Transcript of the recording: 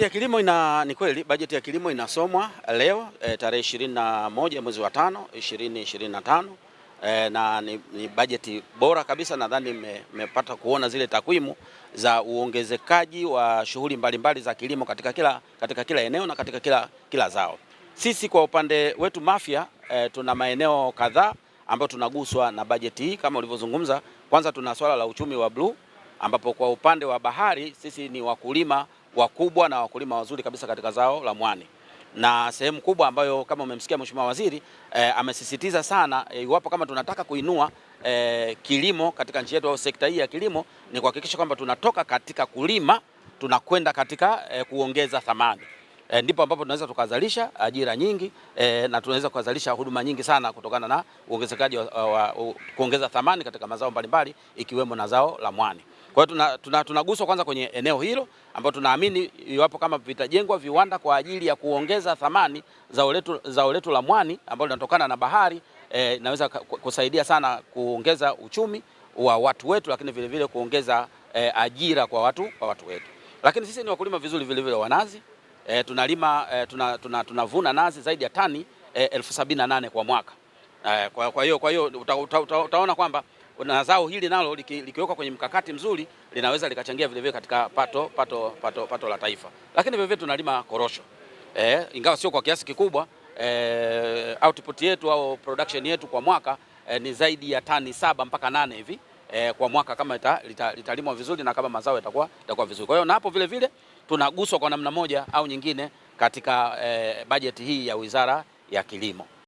Bajeti ya kilimo ina ni kweli bajeti ya kilimo inasomwa eh, leo e, tarehe ishirini na moja mwezi wa tano ishirini ishirini na tano e, na ni, ni bajeti bora kabisa. Nadhani mmepata me, kuona zile takwimu za uongezekaji wa shughuli mbalimbali za kilimo katika kila, katika kila eneo na katika kila, kila zao. Sisi kwa upande wetu Mafia e, tuna maeneo kadhaa ambayo tunaguswa na bajeti hii kama ulivyozungumza. Kwanza tuna swala la uchumi wa bluu ambapo kwa upande wa bahari sisi ni wakulima wakubwa na wakulima wazuri kabisa katika zao la mwani na sehemu kubwa ambayo kama umemsikia Mheshimiwa Waziri eh, amesisitiza sana eh, iwapo eh, kama tunataka kuinua eh, kilimo katika nchi yetu au sekta hii ya kilimo ni kuhakikisha kwamba tunatoka katika kulima tunakwenda katika eh, kuongeza thamani e, ndipo ambapo tunaweza tukazalisha ajira nyingi e, na tunaweza kuzalisha huduma nyingi sana kutokana na uongezekaji wa, wa, wa, kuongeza thamani katika mazao mbalimbali ikiwemo na zao la mwani. Kwa hiyo tunaguswa tuna, tuna kwanza kwenye eneo hilo ambapo tunaamini iwapo kama vitajengwa viwanda kwa ajili ya kuongeza thamani zao letu, zao letu la mwani ambalo linatokana na bahari e, naweza kusaidia sana kuongeza uchumi wa watu wetu, lakini vilevile vile kuongeza e, ajira kwa watu, kwa watu wetu. Lakini sisi ni wakulima vizuri vilevile wa nazi e, tunalima e, eh, tunavuna tuna, tuna nazi zaidi ya tani e, elfu sabini na nane kwa mwaka e, kwa hiyo kwa hiyo uta, uta, uta, utaona kwamba na zao hili nalo likiwekwa kwenye mkakati mzuri linaweza likachangia vilevile katika pato, pato, pato, pato la taifa. Lakini vile tunalima korosho e, ingawa sio kwa kiasi kikubwa e, output yetu au production yetu kwa mwaka e, ni zaidi ya tani saba mpaka nane hivi e, kwa mwaka kama italimwa lita, lita vizuri na kama mazao yatakuwa yatakuwa vizuri. Kwa hiyo na hapo vilevile tunaguswa kwa namna moja au nyingine katika eh, bajeti hii ya Wizara ya Kilimo.